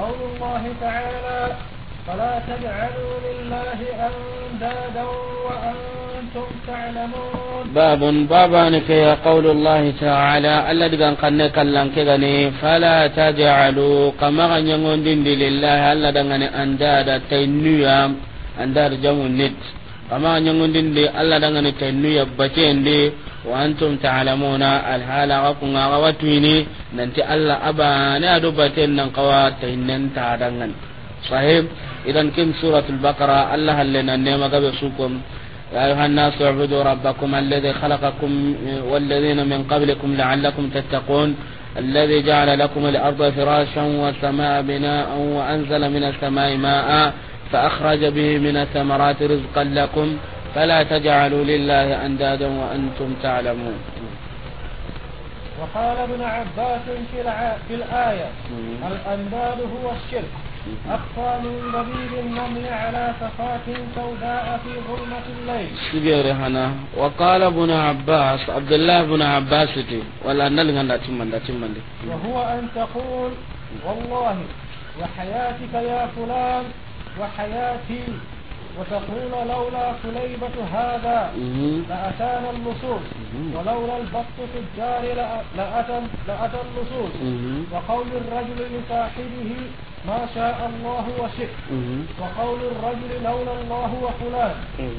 قول الله تعالى فلا تجعلوا لله أندادا وأنتم تعلمون باب بابان كي قول الله تعالى الذي كان قلنا كلن فلا تجعلوا كما غنيون دين لله ألا دعنا أندادا تنويا أنداد جمع نت كما غنيون دين ألا دعنا تنويا بتشين وأنتم تعلمون الحال غفنا غواتويني ننتي الله أبا نادو باتين ننقوات إنن تعدنن صحيح إذا كم سورة البقرة الله لنا نعمة بسوكم يا أيها الناس اعبدوا ربكم الذي خلقكم والذين من قبلكم لعلكم تتقون الذي جعل لكم الأرض فراشا والسماء بناء وأنزل من السماء ماء فأخرج به من الثمرات رزقا لكم فلا تجعلوا لله أندادا وأنتم تعلمون وقال ابن عباس في, في الآية الأنداد هو الشرك أخفى من ضبيب النمل على سفاة سوداء في ظلمة الليل سيدي هنا وقال ابن عباس عبد الله بن عباس ولا نتمنى وهو أن تقول والله وحياتك يا فلان وحياتي وتقول لولا كليبة هذا لأتانا النصوص ولولا البط في الدار لأتى لأتى النصوص وقول الرجل لصاحبه ما شاء الله وشئت وقول الرجل لولا الله وفلان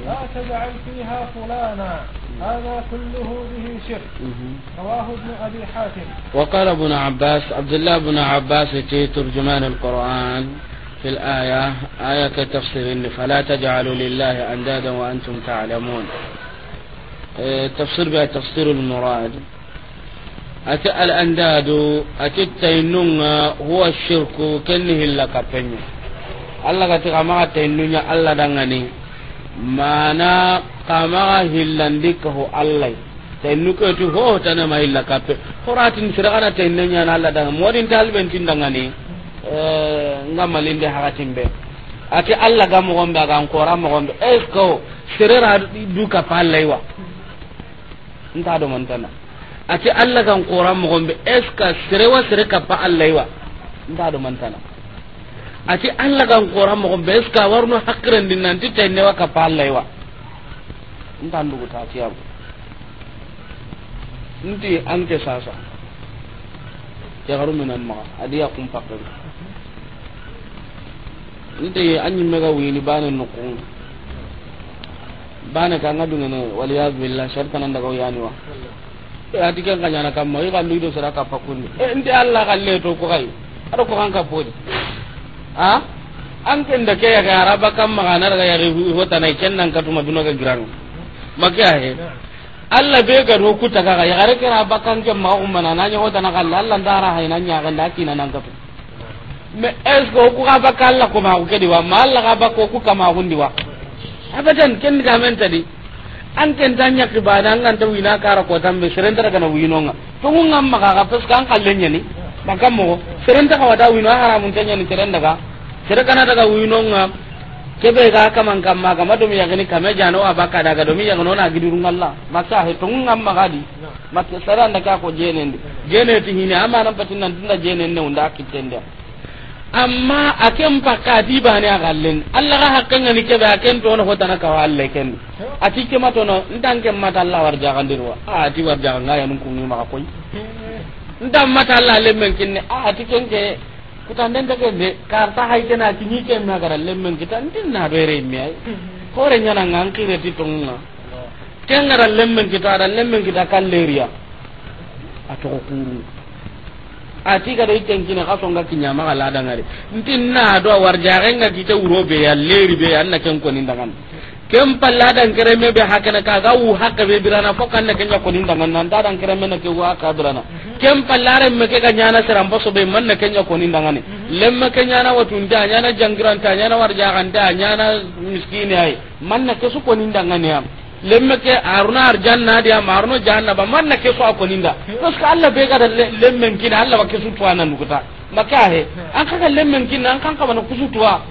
لا تجعل فيها فلانا هذا كله به شرك رواه ابن ابي حاتم وقال ابن عباس عبد الله بن عباس ترجمان القران في الآية آية تفسير فلا تجعلوا لله أندادا وأنتم تعلمون إيه، تفسير بها تفسير المراد أتى الأنداد أتت هو الشرك كنه إلا فني الله قد قام تينون الله دعني ما نا قام هلندك هو الله تينك هو تنا ما هلك فني خرات إن شرعنا تينون الله دعني مورين تالبين تندعني Eh, nga malinde hakatin be ati alla ga mo gombe ga ankora mo gombe e eh, ko serera du ka wa nta do tan ati alla ga ankora mo gombe e eh, ka serewa sere ka pa wa nta do tan ati alla ga ankora mo gombe e ka warno hakren din nan ti tenne wa ka palle wa nta ndu ta ti abu nti anke sasa ya garu minan ma adiya kun pakkan nte anyi mega wini bane nukun bane ka nga dungene waliyaz billah shar kana ndaga yani wa e ati kan kanya na kamma e kallu do sara ka pakundi e nte alla kalle to ko kay ado ko kan ka podi ha an ken da ke ya ga araba kam ma kana daga yari hota nai ken nan ka tuma dunaga giranu makya he alla be ga ro kuta ga ya gare ka araba kan ke ma umma na na hota na kallalla ndara hay nan nya ga ndaki na nan ka me est ce que ku ka bakka ko ma ko kedi wa ma Allah ka ko ku kama hundi wa abadan ken ga men tadi an ken tanya ki bada an ta wina kara ko tambe serenta daga na wino nga to mun amma ka ka pes kan kallenya ni maka mo serenta ka wada wino haramun tanya ni serenta ka serenta kana daga wino nga kebe ga kaman ma ga madumi ya gani kame jano a baka daga domin ya gano na gidirun Allah maka he tun maka di maka saran da ka ko jenen jene tin hini nan patin nan tunda jenen ne unda kitenda amma aken pakka ati bani a gallen alla ga hakkan ni ba aken to no hotana na walle ken ati ke mato no ndan ke mata Allah war jagan dirwa a ati war jagan ga yanun kunni ma koy ndan mata alla lemmen kinne a ati ken ke kutan den daga de karta hay na ti ni ken na gara men kitan din na re mi ay hore nyana ngan kire ti na ken gara lemmen kita ada lemmen kita kalleria ato ko ati dai iten kina kaso ngaki kinya ma ala dangare ntin na do warja renga kita be ya leri be anna ken ko nindangan kem palla dan kere me be hakana ka ga u hakka be birana fokan kan ken ko nindangan nan dan kere me na ke wa ka birana kem palla re me ke ga nyana seram boso be man na ken ko nindangan lemme ke nyana watun da nyana jangiran ta nyana warja kan da nyana miskini ai man na ke su ko nindangan am. lemme ke aruna arjanna dia marno janna ba manna ke ko ninda parce que Allah be gada lemme kin Allah wa ke su to anan nukuta maka he an kaka lemme kin an kan ka bana kusutuwa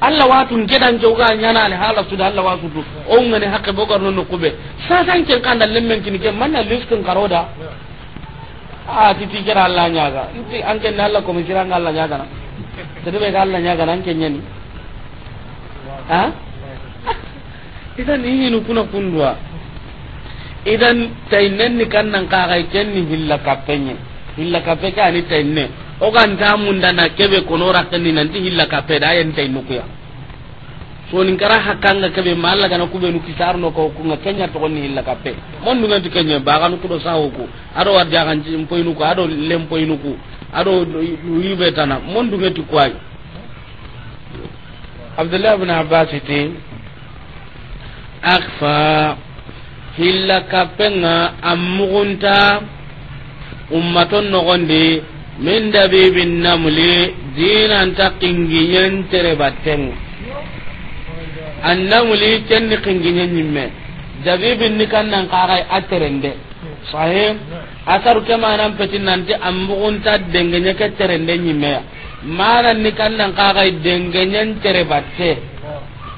Allah watun kedan joga nyana ne hala su da Allah su to o ngane hakke bogar non kube sa san ken kan da lemme kin ke manna liskin karoda a ti ti kira Allah nyaga ti an ken Allah ko misira Allah nyaga na tede be Allah nyaga nan ken nyani ha idan ihinu kuna kundwa idan tainnenni kannan ken ni hilla kappenye hilla kappe ke ani tainne oganta mundana keɓe ni nanti hilla kappe da ayen tainnukuya sonin kara hakkanga keɓe ma allah gana kuɓenu kisarno ko kunga kenya togonni hilla kappe mondunganti kenye baxanu kuɗo sahoku aɗo warjaxan poynuku aɗo len poynuku aɗo yiɓetana mondungeti kuwayi abdullah bne abbas ti akfa hilla kappenga ammugunta ummaton nogondi min dabibin namuli dinanta kinginyen tere battenga annamuli kenni kinginyen nyimme dabibin ni kannan kagai aterende sahih asaru kemanan peti nanti ammugunta dengenye ke terende nyimmeya nikan ni kannan kagai dengenyen tere batte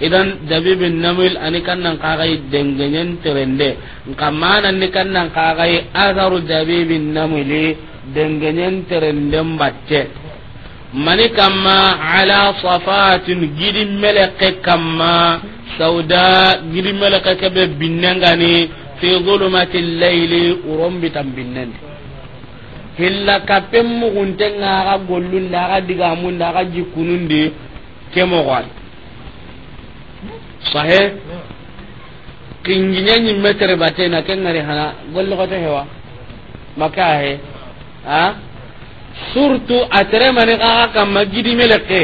idan dabibin namil ani kannan kagai dengenyen terende kamana ni kannan kagai azaru dabibin namili dengenyen terende bacce mani kamma ala safatin gidi meleke kamma sauda gidi meleke kebe binnengani fi zulumati layli urombitan binnendi hilla kappen muguntenga aga gollunda aga digamunde aga jikkunundi kemogoani sahe kinginya ni meter bate na ken ngari hana gollo ko te hewa maka he ha surtu atre mane ka ka magidi meleke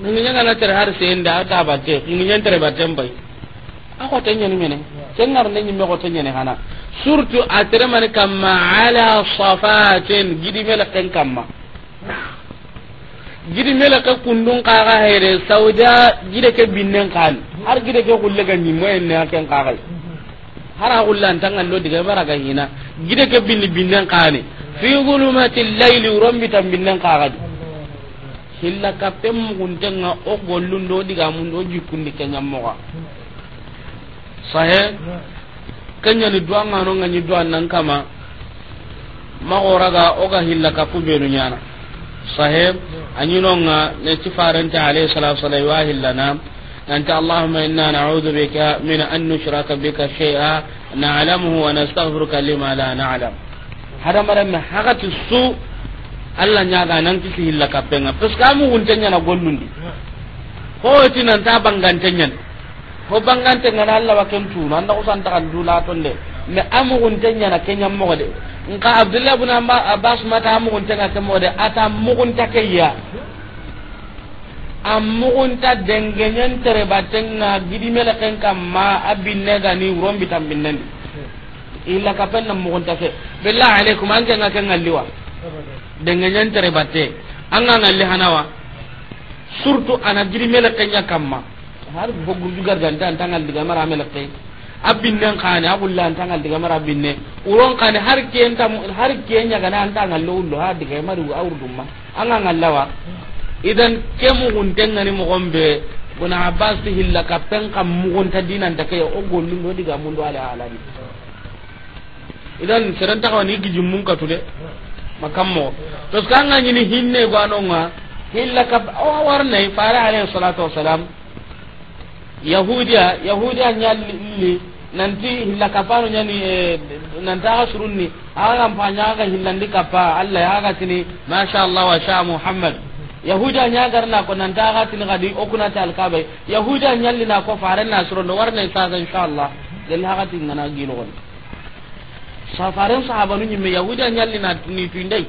kinginya ngana ter har senda ta bate kinginya ter bate mbai ako te nyani mene ken ngar ne nyimme ko te nyani hana surtu atre mane kama ala safatin gidi meleke kamma gidi mele ka kundun kaga hayre sauda gide ke binnen kan har gide ke kulle ga ni moyen ne aken kaga hara kulla antanga ndo diga bara ga hina gide ke binni binnen kan fi gulumati layli rombi tan binnen kaga hilla kapem kuntenga o gollun ndo diga mun do jikundi kenya moga sahe kanya ni duanga no ngani duan nan kama magoraga oga hilla kapu benu nyana sahib anyinonga neti faranta alayhi salatu wasallam wa hillana أنت اللهم إنا نعوذ بك من أن نشرك بك شيئا نعلمه ونستغفرك لما لا نعلم هذا مرة حقت السوء Allah nya ga nan kisi hilla kapenga pes kamu guntenya na gonnundi ko eti nan ta bangantenya ko bangantenya na Allah waken tu nan da usan ta kan dula tonde me amu guntenya na kenya nka abdullah bin abbas mata mugun ta ka mo de ata mugun ta ya am mugun ta dengenyen tere na gidi mele ken abin ne ga ni bin nan illa ka nam mugun ta ke billahi alaikum an kan kan alliwa dengenyen tere batte an nan alli hanawa surtout ana gidi mele kam ma har bogu jugar dan tan tan alli ga mara mele kenya abinne kane agulle antangal digamar abinne uron kane har ke ñagane antangalle ullo ha digamari a urdumma anga ngallawa idan ke mugunteŋani mogonbe bona abbas hilla kappen kam mugunta dinanta ke o gollundo digamundo ala halani idan serentakawani i giji munkatude makammo parce que anga ñini hinne gwanonga hilla kap o warnay fare alayhi salatu wasalam yahudiya yahudiya nya li nanti hilla kapano nya ni e, nanta asrunni aga mpanya aga hillandi kapa Allah aga tini masha Allah wa sha Muhammad yahudiya nya garna ko nanta aga tini gadi okuna okunati yahudiya nya ñalli na ko faran faren na surondo insha allah inchallah gelli hagati ngana gilo gon safaran sahabanu me yahudiya nya ñalli na ni tindai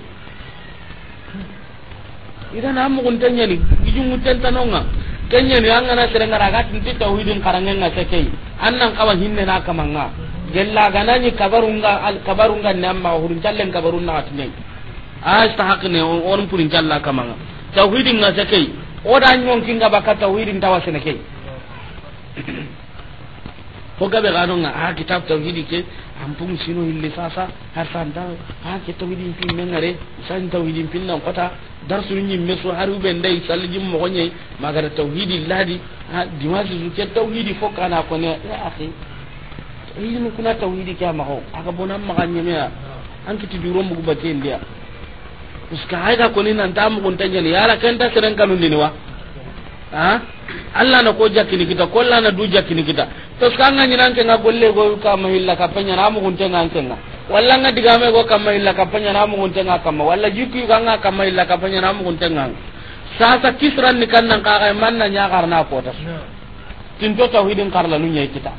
idan a kuntanya ni ijungutten tanonga kenya ni angana serenga raga tinti tauhidin karangenga sekei annan kawa hinne na kamanga gella ganani kabarunga al kabarunga namma hurun challen kabarun na atne asta hakne on purin challa kamanga tauhidin na sekei oda nyon kinga baka tauhidin tawasene kei ko gabe ga non a kitab tauhidi ke am ampung sino hilli sasa har santa a ke tauhidi pin men ngare san tauhidi pin nan kota darsu nyi meso har ube ndai salijim mo gonye magara tauhidi ladi ha dimasi su ke tauhidi fo kana ko ne ya akhi ilmi kuna tauhidi ke ma ho aga bonan maganye me an kiti duro mu gubate ndiya uska haiga ko ni nan tamu kun ni yara kan ta seren kanun ni wa ha Allah na ko jakini kita ko Allah na du jakini kita to kan nga nyinan tenga golle go ka mahilla ka panya na mu kuntenga tenga walla nga digame go ka mahilla ka panya na mu ka kama walla jikku ga nga ka mahilla ka panya na mu sa sa kisran ni kan nan ka ga na nya na ko ta kar la karla nunya kita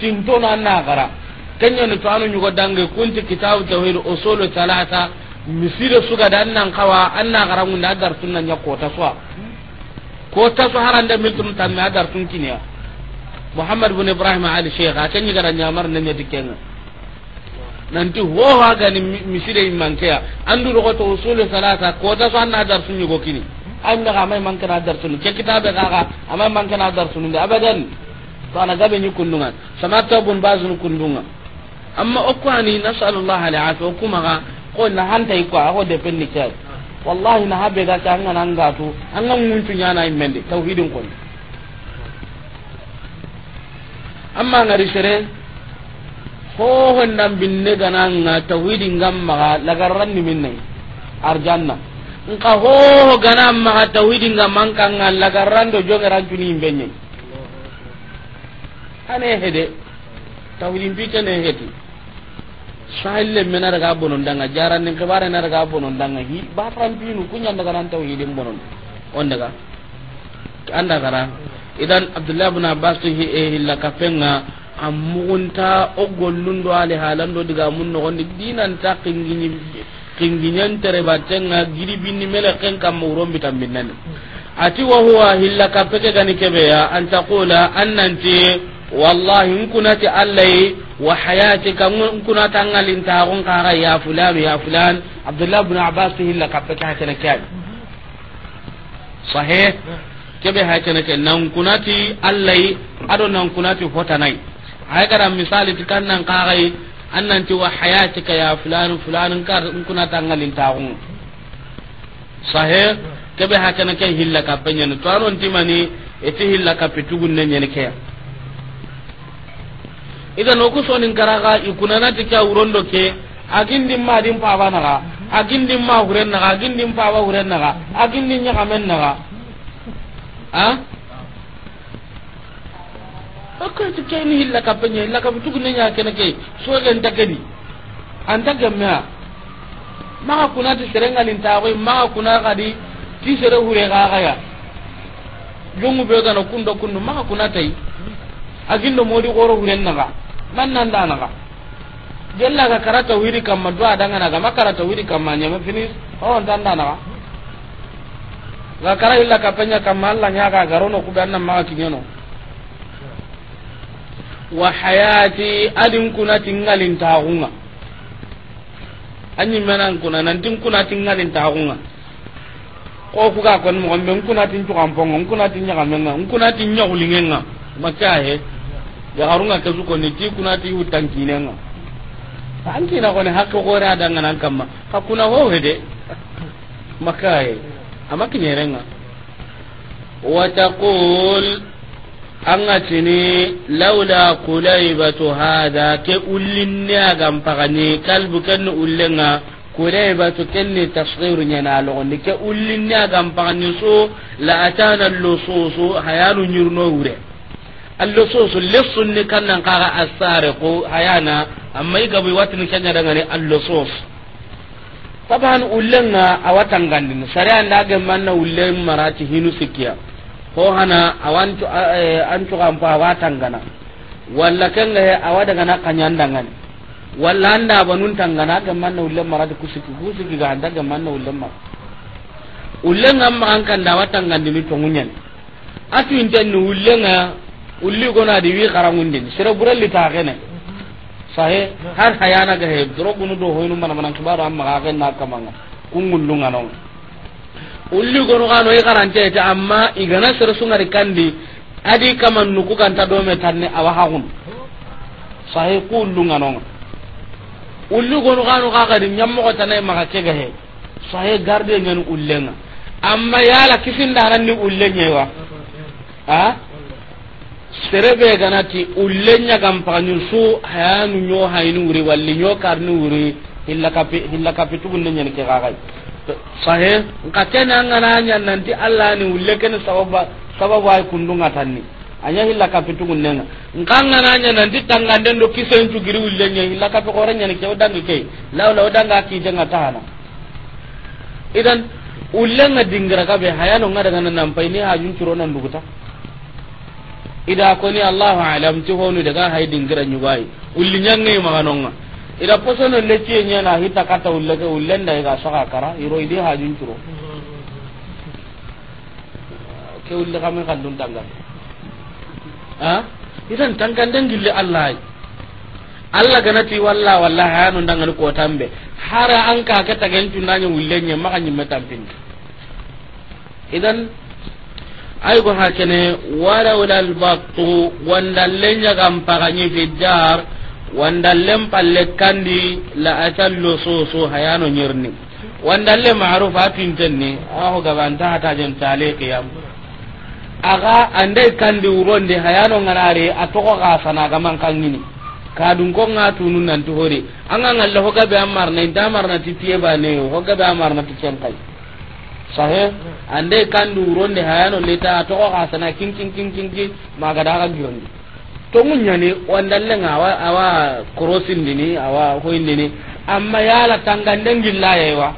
to na na gara kanya ni to anu nyugo dange kunti kitabu tauhid usulu talata su suga da nan kawa an na gara mun da adar tunnan ya ta so haran hmm. da haranda tan tamme dar tun kiniya muhammad bin ibrahim ali sheikh a kan yi gara nyamar nan yadi nan nanti ho ha gani misire in mankeya andu rogo to usul e salata ko ta so anna dar sunni go kini an daga mai manke na dar sunni ke kitabe ga ga amma manke na dar sunni abadan to ana gabe ni kundunga samata bun bazun kundunga amma okwani ani nasallallahu alaihi wa sallam kuma ga ko na hanta iko a ho dependi ke wallahi na habe ga ta an nan ga to an nan mun tunya na imende tauhidin ko amma ngari sere ho hondan binne gana nga tawhidi ngam maga lagaran ni minne arjanna nka ho gana maga tawhidi ngam manka nga lagaran do jongaran juni imbenye ane hede tawhidi mbike ne hedi sahalle mena daga bonon danga jaran ni kebare na daga bonon danga hi batran binu kunya daga nan tawhidin bonon on daga anda kara idan ba ibn abbas to hi e, hilla a amugunta o gollundo ale do diga mun no gondi dinan ta kingini kinginyan tere batenga giri ni mele ken kam urombi tambinan ati wa huwa hilla kapeke gani kebe ya an taqula annanti wallahi nkunati allai wa hayati kan nkunata ngalin ta gon kara ya fulan ya fulan abdullah ibn abbas hilla kapeke hakana kyabi sahih kebe ha kene ke nan kunati allai ado nan kunati hotanai ay gara misali ti kan nan kagai annan ti wa hayatika ya fulan fulan kar kunata ngalin taun sahe kebe ha kene ke hilla ka penyen to aron ti mani eti hilla ka pitugun ne nyene ke idan oku sonin garaga ikunana ti ka urondo ke agindin ma din paba naga agindin ma huren naga agindin paba huren naga agindin nyakamen ga. a ah? akan ke ni hilla kapenya hilla kapu tugune nya kene ke soge ndageni anda gamya maka kuna sere serenga ta ko maka kuna kadi ti sere hure ga ga yungu jongu be ga kundo kundo maka kuna tai agindo modi goro hure naga man nan da naga gella ka karata wiri kamma do dangana naga makarata wiri kamma nya finis on oh, dan da naga ga kara illa kapenya kamma Allah nya ga garono ku banna ma kinyeno wa hayati adin kuna tingalin taunga anyi menan kuna nan tin kuna tingalin ko ku ga kon mo ngombe kuna tin tu kampong kuna tin nya kamenga kuna tin nya ulingenga maka he ya harunga ko ne ti kuna ti utang kinenga tanki na ko ne hakko gore adanga nan ka kuna ho hede maka he amma wa taqul anga tini laula kulaybatu hada ke ullinni agam pagani kalbu kenni ullenga kulaybatu kenni tasghir nyana ni ke ullinni agam pagani so la atana lususu hayanu nyurno wure allususu lissunni kannan kaga asare ko hayana amma igabu watini kenya dangane allususu taban ullenga awatangandini sariya ga manna ulle marati hinu sikkiya ko hana awantu eh, ancugampo gana walla kenga he awa dagana kanyandangani walla anda banun tangana ga manna ulle marati kusiki kusiki ga anda ga manna ma ulle marati ullenga magan gandin awatangandini tongunyani atu intenni ullenga ulli gona adi wi karangundini sira burelli taxene sahe har hayana ga duro drogunu do hoynu mana manan kibaru amma ga ken na kamanga kungullu ngano ulli gonu gano e garante ta amma igana sir sungari kandi adi kama nuku kan ta do me tanne awa hagun sahe kullu ngano ulli gonu gano ga ga nyammo ko tanai maga ke ga he sahe garde ngen ullenga amma yala kisin da nan ni ullenyewa ha serebe ganati ulle ñagam pagani su hayanu ño hayni wuri walli ño karni wuri hilla kapi hilla kapi tugunde ñani ke kakay sahe nka kene angana ñannanti allah ni ulle kene sababa sababu ay kundunga tanni anya hilla kapi tugunde nga nka ngana ñannanti tanganden do kisencu giri ulle ñe hilla kapi kore ñani ke udangi ke lawla udanga kijenga tahana idan ulle nga dingira kabe hayano nga daga nan pay ni hajun curo nan duguta ida ni allahu alam ti honu daga hay dingira nyugai ulli ma maganonga ida posono lecce nyana hita kata ulle ullenda ga saka kara iro idi hajun turo ke ulle kame kan dun tangga ha idan tangandan gille allah allah ganati walla walla hanu ndanga ko tambe hara an ka ka tagen tunanya ullenya maka nyimme tampin idan ay go hakene wala wala al baqtu wanda lenya nyagam pagani fi wanda lem palle kandi la atallu susu hayano nyirni wanda le ma'ruf atin tenni aho gabanta hata jen tale qiyam aga ande kandi uronde hayano ngarare atoko kasana gaman kangini kadun ko ngatu nun nan tuhori anga ngalle hoga be amarna indamarna titiye bane hoga be amarna ticenkai sahe ande kan duron de hayano leta to ko asana king king king king kin maga daga giyondi to munya ne wandalle nga awa awa crossing dini awa hoyin dini amma yala tangandeng gilla yewa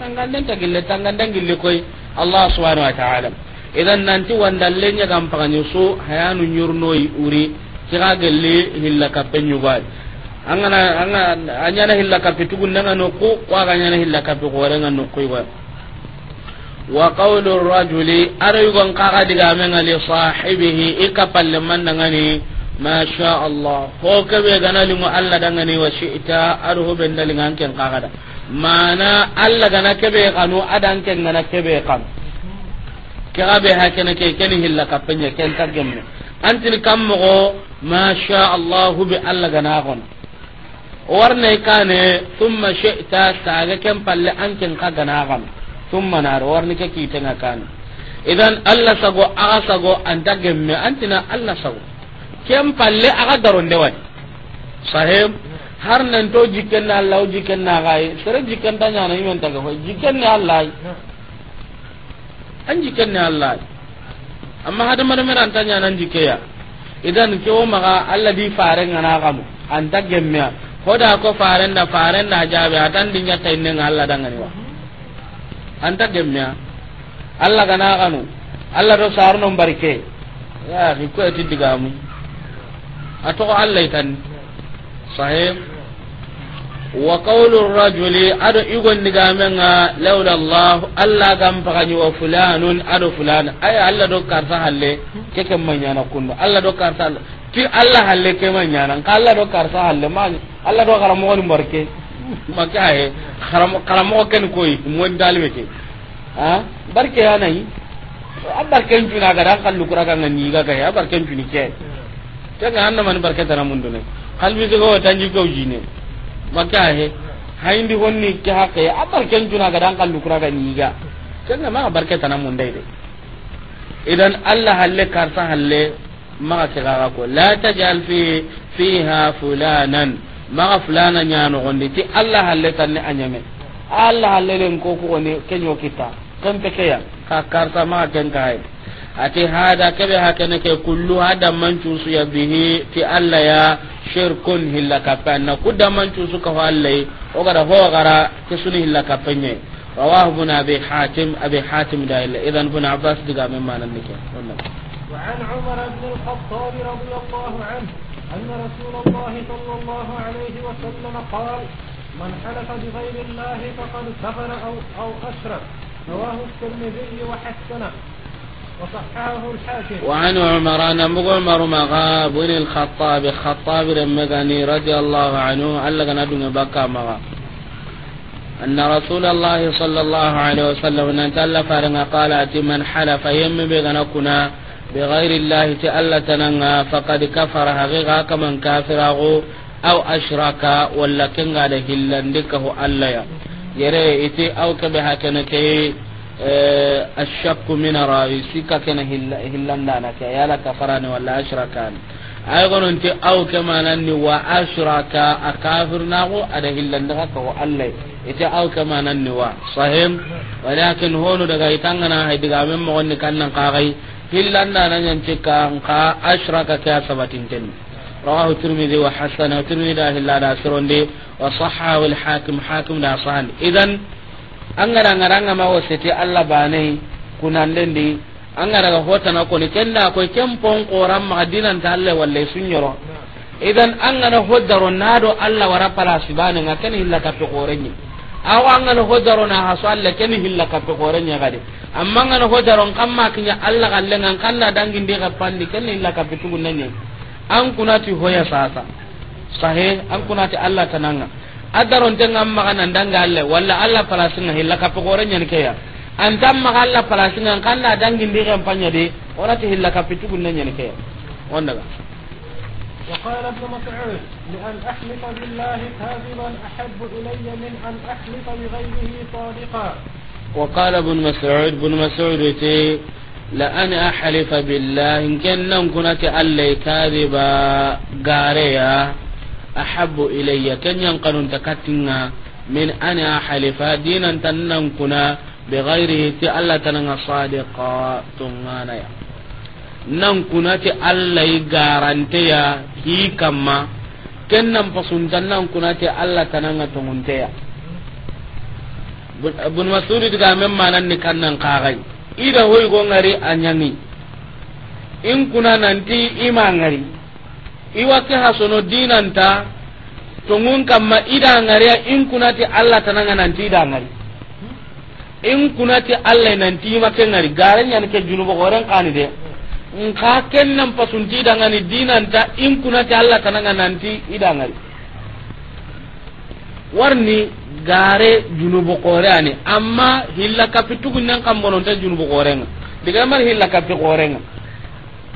tangandeng ta gille tanganden gille koy allah subhanahu wa ta'ala idan nanti wandalle nya gam paganyo so hayano nyurnoyi uri kira gelle hilla kapenyu bai angana anga anyana hilla kapetugun nanga no ko kwa ganyana hilla kapetugun nanga no koy wa qawlu rajuli aray gon kaga diga men ali sahibihi ikapal man dangani ma sha Allah ho ke be ganali mu Allah dangani wa shi'ta arhu ben dali nganken kaga da mana Allah gana kabe kanu adan ken gana kabe be kan ke abe hakene ke ken hilla kapenya ken tagemme antin kam mo ma sha Allah bi Allah gana gon warne kane thumma shi'ta saga ken palle anken kaga na gana na rawar ni kake ta na kan idan allah sago aga sago an ta gemme antina allah sago kem palle aga de wadi sahib. har nan to jikken na allah jikken na gai sere jikken ta nyana imen ta ko jikken na allah an jikken na allah amma hada mara ta anta nyana jike ya idan ke o maga allah di fare ngana an ta gemme ko da ko faren da faren da jabe atan dinya tainne allah dangani wa anta gemnya allah gana anu allah do sarunon barke yaaki ko eti digamu a togo allah itan sahib wa qawlu rajuli ado igon digamenga laula allah allah gam pakani wa fulanun ado fulana aya allah do karta halle keke manyana kunu allah do karta ti allah halle ke manyana kala allah do karta halle ma allah do garamo ni barke maka aye karamɔgɔ ni koyi moni dalime ke a barke yanayi a barken cuni agada an kallukura kanga niiga ka a barken cuni ke kenga an ni barke tana mundune kalbisigo tanjikau jine maka aye hayindi honni ke hakke a barken cuni agada an kallukura ga niiga ma maga barke tana mundai de idan allah halle karsa halle maga ke gaga ko la ta fi fiha fulanan maga fulana ñanogondi ti allah halle tanne a ñame allah hallelen ko kugoni keño kitta kempe keya ka karta maga ken kahay ati hada keɓe ha kene ke kullu ha dammancuusuya bihi ti allah ya shirkun hilla kappe anna ku dammancuusu ka ho allahy ogara hoogara ke suni hilla kappe ñe rawahu bun abi hatim abi hatim dahilla idan bun abbas diga men manannike وعن عمر بن الخطاب رضي الله عنه أن رسول الله صلى الله عليه وسلم قال من حلف بغير الله فقد كفر أو, أو أشرك رواه الترمذي وحسنه وصححه الحاكم وعن عمر أن أبو عمر مغاب بن الخطاب الخطاب رمغني رضي الله عنه ألقى نبي بكى مغا أن رسول الله صلى الله عليه وسلم أن تلف قال أتي من حلف يم بغنكنا بغير الله تعالى تنغا فقد كفر حقيقة كمن كافره أو أشرك ولا كن على هلندكه ألا يري إتي أو كبها كنكي الشك من رأي سكا كن هلندانك يالا كفراني ولا أشركاني aygononti aw kemananni wa ashraka a kafirnaxu ada ka kaxo allah ite aw kemananni wa sahim walakin honu daga itangana hay digamen moxonni kannan kaxay hillan na nan yanci kan ka ashraka ka sabatin tin rawahu tirmidhi wa hasan tirmidhi da hilla da sironde wa sahha wal hakim hakim da sahan idan an gara ngaranga ma wasati Allah bane kunan lendi an gara ga hota na ko ni kenna ko kempon qoran ma dinan ta Allah walle sunyoro idan an gara hodaro nado Allah wara pala sibane ngakani hilla ka to qorenyi aw angana hodaro na haso alla ken hilla kappe gore nya gade amma ngana hodaro kamma kinya alla kallenga kalla dangi ndi ka pandi ken hilla kappe tugun nanya an kunati hoya sasa sahe an kunati alla tananga adaron jeng amma kana ndanga alle walla alla palasinga hilla kappe gore nya ke an antam ma alla palasinga kalla dangi ndi ka panya de orati hilla kappe tugun nanya ke ya wanda وقال ابن مسعود لأن أحلف بالله كاذبا أحب إلي من أن أحلف بغيره صادقا وقال ابن مسعود ابن مسعود تي لأن أحلف بالله إن كان لن كنت ألي كاذبا قاريا أحب إلي كن ينقل تكتنا من أن أحلف دينا تنن كنا بغيره تألتنا صادقا تنغانا يعني nan kunati allah yi ya yi kama ken nan pasunta nan kunati allah tananga tongunteya bun masudi daga min manan ni nan kagai ida hoi gongari ngari anyangi in kuna nanti ima ngari iwake hasono dinanta tungun kama ida ngari in kunati allah tananga nanti ida ngari in kunati allah nanti ima ke ngari garanya ke junubo goren kani de nka ken nan pasunti dangani dinanta in kunati allah tananga nanti idangari warni gare junubu kore ani amma hilla kapi kan kambononta junubu kore nga diga digamar hilla kapi kore nga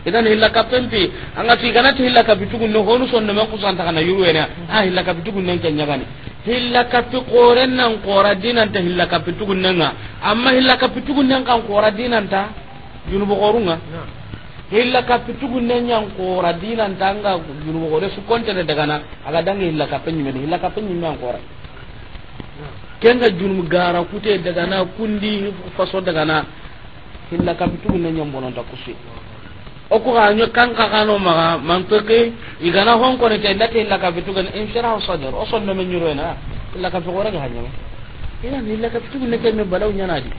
idan hilla kapen pi anga ti ganati hilla kapi tugun no honu sonno men kusanta kana yurwena ha hilla kapi tugun nen kenya gani hilla kapi kore nan kora dinanta ta hilla kapi tugun nan amma hilla kapi tugun nan kan kora dinanta ta junubu korunga hilla kappi tugunne ñankora dinantanga junubogode su contene dagana aga dange hilla kappe ñimene hilla kappe ñimme ankora kenga junub gara kute dagana kundi faso dagana hilla kappi tugunne ñambononta kusi oku ganyo kanka kano maga manteke igana honkone te ndate hilla kappi tugunne inshirahu sadr o sonnome ñuroena hilla kappi koraga hañame inan hilla kappi tugunne kemme balaw ñanadi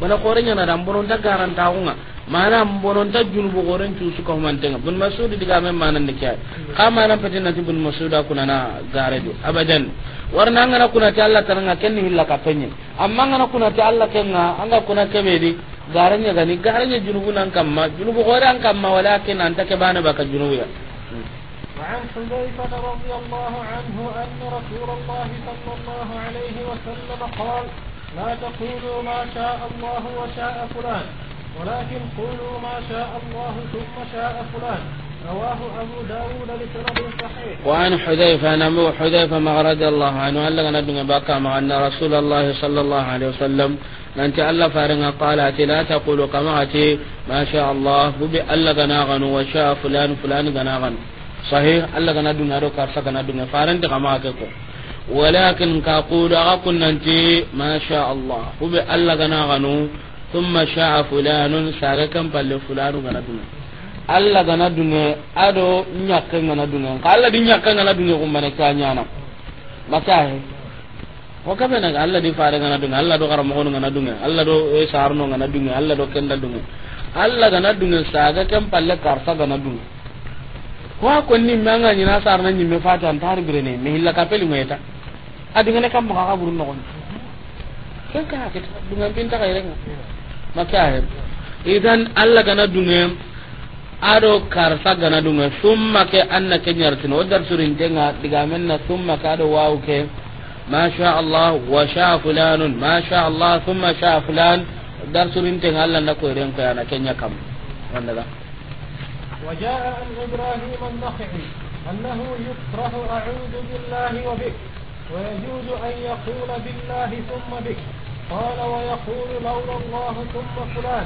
bana kore ñanada mbononta garantaxunga mana mbononta junubu goren cuusu kahumantenga bun masudi digame manande ke ka manan petinati bun masudi akunana garedu abadan warna angana kunati allah tananga kenni hilla kappenye amma angana kunati allah kenga anga kuna gare garanya gani garanya junubu nan kamma junubu gore an kamma walakin anta ke bana baka junubu ya وعن حذيفة رضي الله عنه أن رسول الله صلى الله عليه وسلم قال لا تقولوا ما شاء الله وشاء فلان ولكن قولوا ما شاء الله ثم شاء فلان رواه أبو داود لسند صحيح وعن حذيفة نمو حذيفة ما رد الله عنه أن لنا ندن بقى مع أن رسول الله صلى الله عليه وسلم لن تألف قال أتي لا تقول كما أتي ما شاء الله ببي ألا غناغن وشاء فلان فلان غناغن صحيح ألا غنادن أروك أرسك غنادن فارن تغماككو ولكن كقول أغاكو أنت ما شاء الله ببي ألا غناغن thumma sha'a fulanun saga gana dunga alla gana gana dunga ka di nyakka gana dunga ko mane ka nyana masahe ko ka bena alla di fare gana dunga alla do garamo gana dunga alla do e gana dunga alla do kenda dunga alla gana dunga gana ko ko ni manga ni na sarna ni me fata antar birene me hilla kapeli ngeta ne kam ka burun no kon kan ka hakita dunga pinta nga. مكاهب إذن ألا كان دونهم أرو كارسا كان دونهم ثم كي أن كنيرتنا ودر سورين تنغا تقامنا ثم كادو واو كي ما شاء الله وشاء فلان ما شاء الله ثم شاء فلان در سورين تنغا ألا نكو يرين كي كنيا كم وجاء عن إبراهيم النخعي أنه يكره أعوذ بالله وبك ويجوز أن يقول بالله ثم بك قال ويقول لولا الله ثم فلان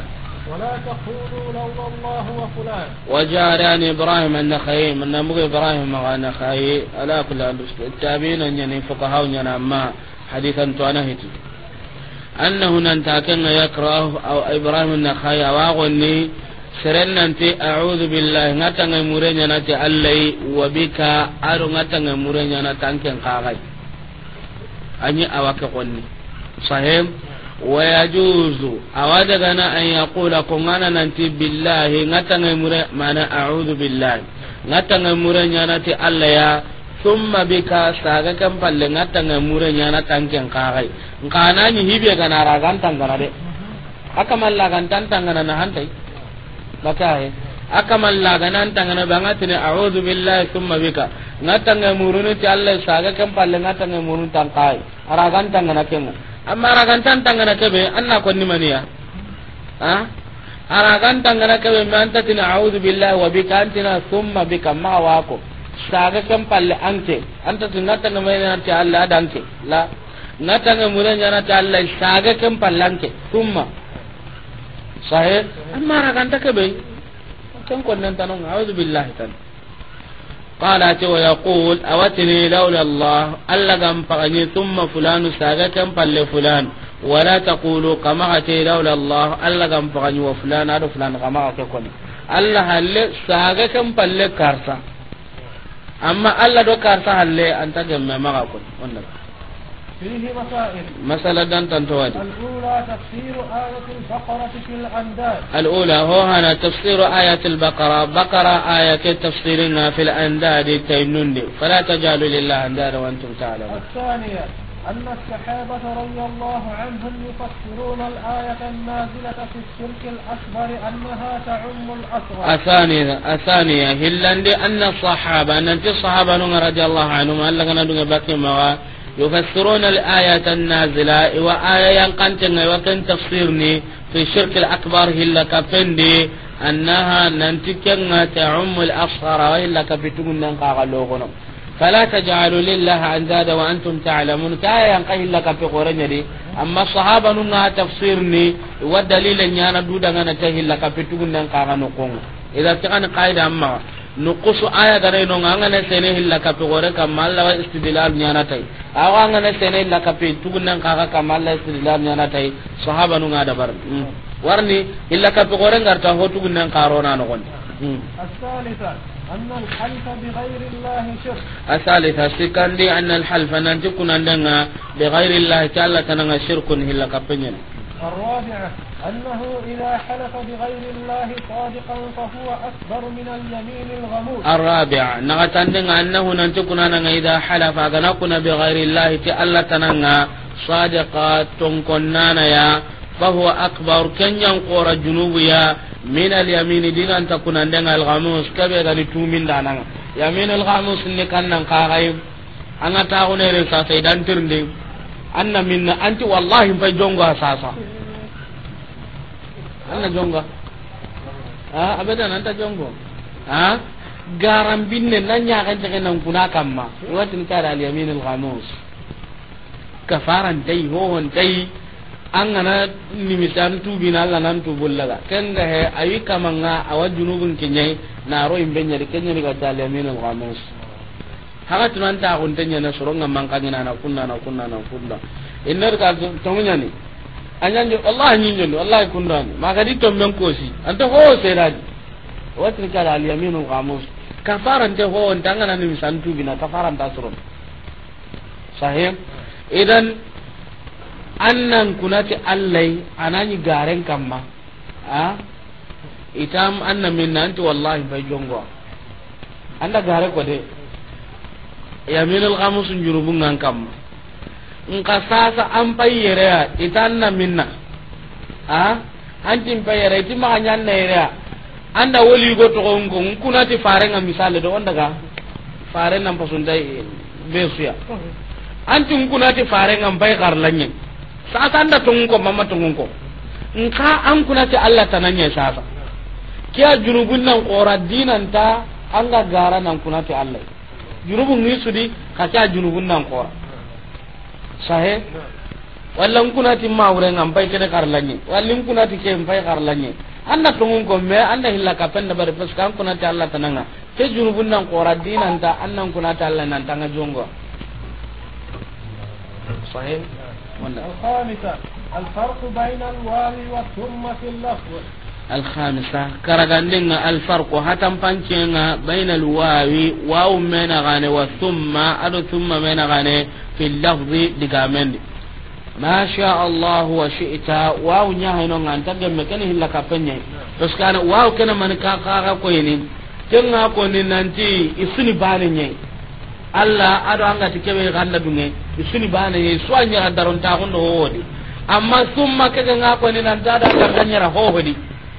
ولا تقولوا لولا الله وفلان وجاران ابراهيم النخعي من نمغ ابراهيم النخعي الا كل التابعين يعني فقهاء ما حديثا تنهتي أنه ننتاكن يكره أو إبراهيم النخعي واغني سرنا أنت أعوذ بالله نتن مرين نتي ألي وبك أرو نتنغ نتن نتنكن قاغي أني أواك قني sahib wa yajuzu awada gana an yaqula kongana nanti billahi ngatanga mure mana a'udhu billahi ngatanga mure nyanati alla ya thumma bika saga kan palle ngatanga mure nyana tanken kagai nkana ni hibe kana ragan tangana de akamalla kan tantangana na hantai bakae akamal laga nan tangana banga tini a'udhu billahi thumma bika ngatanga murunu ti Allah saga kan palle ngatanga murunu tangkai aragan tangana kenga amma aragantan tangana kebe anna konni maniya ha aragan tangana kebe me anta tina a'udhu billahi wa bika antina thumma bika ma ko saga kan palle anke anta tina tanga me na ta Allah danke la na tanga mure nyana ta Allah saga kan palle anke thumma sahe amma ragan ta kebe kan konnan tanong a'udhu billahi tanong قال ويقول أوتني لولا الله ألا قم فغني ثم فلان ساقة فلفلان ولا تقولوا قمعتي لولا الله ألا قم فغني وفلان هذا فلان قمعتي كوني ألا هل ساقة فلكارسا أما ألا دو كارسا هل أنت جمع مغا كوني فيه مسائل مسألة دان الأولى تفسير آية البقرة في الأنداد الأولى هو هنا تفسير آية البقرة بقرة آية تفسيرنا في الأنداد تينندي فلا تجعلوا لله أندادا وأنتم تعلمون الثانية أن الصحابة رضي الله عنهم يفسرون الآية النازلة في الشرك الأكبر أنها تعم الأسرى. الثانية الثانية هي أن الصحابة أن الصحابة رضي الله عنهم أن لك ندعو بكي يفسرون الآيات النازلة وآية ينقنتنا وكن تفسيرني في الشرك الأكبر هلا كفندي أنها ننتكنا تعم الأصغر وإلا كفتون ننقاغلوغنا فلا تجعلوا لله أندادا وأنتم تعلمون كآية ينقه إلا كفقورنا دي أما الصحابة ننها تفسيرني والدليل أن يانا دودا نتهي إلا كفتون ننقاغلوغنا إذا كان قائد أمّا nukusu aya gare no nga ngane sene hilla kape gore kamalla wa istidlal nyana tay awa ngane sene hilla kape tugunan kaka kamalla istidlal nyana tay sahaba nu ngada bar hmm. warni hilla kape gore ngarta ho tugunan karona no gon الثالثة أن الحلف بغير الله شرك الثالثة سكان دي أن الحلف ننتكن عندنا بغير الله تعالى تنغى شرك الرابعة أنه إذا حلف بغير الله صادقا فهو أكبر من اليمين الغموس الرابعة نغتندن أنه ننتقنا إذا حلف أغنقنا بغير الله تألا تننا صادقا تنقنانا يا فهو أكبر كن ينقور الجنوب يا من اليمين دين أن تكون عندنا الغموس كبيرا لتومين دانا يمين الغموس اللي كان ننقاغيب أنا تاغنير ساسيدان ترنديب anna minna anti wallahi fay jongo asasa anna jongo ha abeda nan ta jongo ha garam binne nan nya kan tege nan kuna kamma wadin watin da al yamin al ghamus kafaran dai ho hon dai an ana nimitan tu bin Allah nan tu laga kan da he ayi kamanga awa kinyai na ro imbe nyari kenya ni ga al yamin al ghamus haka tunan ta hun tanya na soron ga man kangina na kunna na kunna na kunna inna ka to munya ni anyan jo Allah ni jo Allah kunna ni maka di to men an anta ho seradi watin kala al yaminu qamus kafaran te ho dangana ni misantu bina kafaran ta suron sahih idan annan kunati allai anani garen kamma a itam annan minna anti wallahi bai jongo anda gare ko de yaminul khamus njurubun ngan kam nka sasa an payyere ya itan na minna a an tin payyere ti ma nyan na an anda woli go to gongo kuna ti fare nga misale do onda ga fare nan pasun dai besuya an tin kuna ti fare nga bay garlanye sasa anda ko mama tungo nka an kuna ti Allah tananye sasa kiya junubun nan qora dinan ta an ga gara nan kuna ti Allah junubu ni sudi ka ke junubun nan ko sahe walla nkunati mawure ngam pay kede karlanyi walli nkunati ke kar lañi anda tungun ko me anda hilla ka penda bare parce kan kunati alla tananga ke junubun nan kora dinanta annan kunati alla nan tanga jongo sahe bayna al بين wa thumma fil lafz الخامسة كرغندن الفرق هتم بانشينا بين الواو واو من غاني أدو ثم غاني في اللفظ ما شاء الله واو نياه بس كان واو كان من نانتي باني Allah ado anga tikebe ganda dunge isuni bana ye swanya daron ta wodi amma summa kega ngako ni nan da ganyara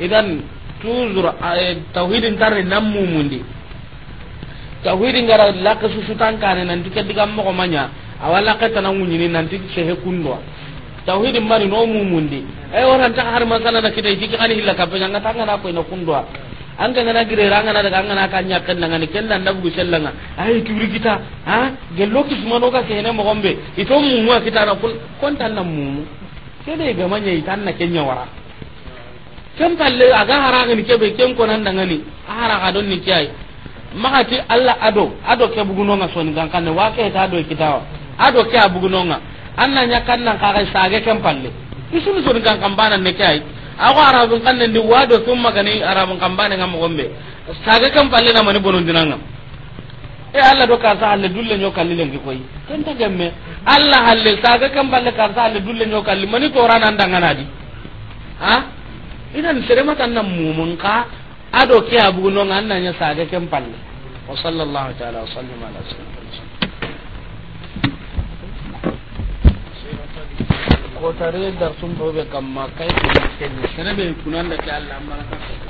idan toujours eh, tauhidin tarri nan mumundi tauhidin gara laka susu tankane nan tike diga mako manya awala ka tanan munyini nan tike sehe kundwa tauhidin mari no mumundi ay eh, waran ta har masala da kidai tike kan hilla ka banya ta ngana ko ina kundwa an ga ngana gire ranga na daga an ngana kan ken nan ngani kella ndabu sellanga ay turi kita ha gello kismano ka ne mo gombe ito mumu kita na kul kontan nan mumu kede ga manya itan na kenya wara kem palle aga haraga ni kebe kem ko nan dangani haraga don ni kiyai makati alla ado ado ke buguno nga soni gankane wa ke ta ado kitawa ado ke abuguno nga anna nya kannan ka ga sage kem palle isun soni gankan bana ne kiyai ago arabun kanne ndi wado thumma kani arabun bana ngam gombe sage kem palle na mani bonon dinanga e alla do sa halle dulle nyo kallile ngi koyi ken ta gemme alla halle sage kem palle sa halle dulle nyo kalli mani to ranan dangana di ha idan serema tan nan mumun ka ado ke abu non an nan ya saga ken palle wa sallallahu ta'ala wa sallama ala sayyidina ko tare dar sun bobe kamma kai ke be kunan da ke Allah amma ka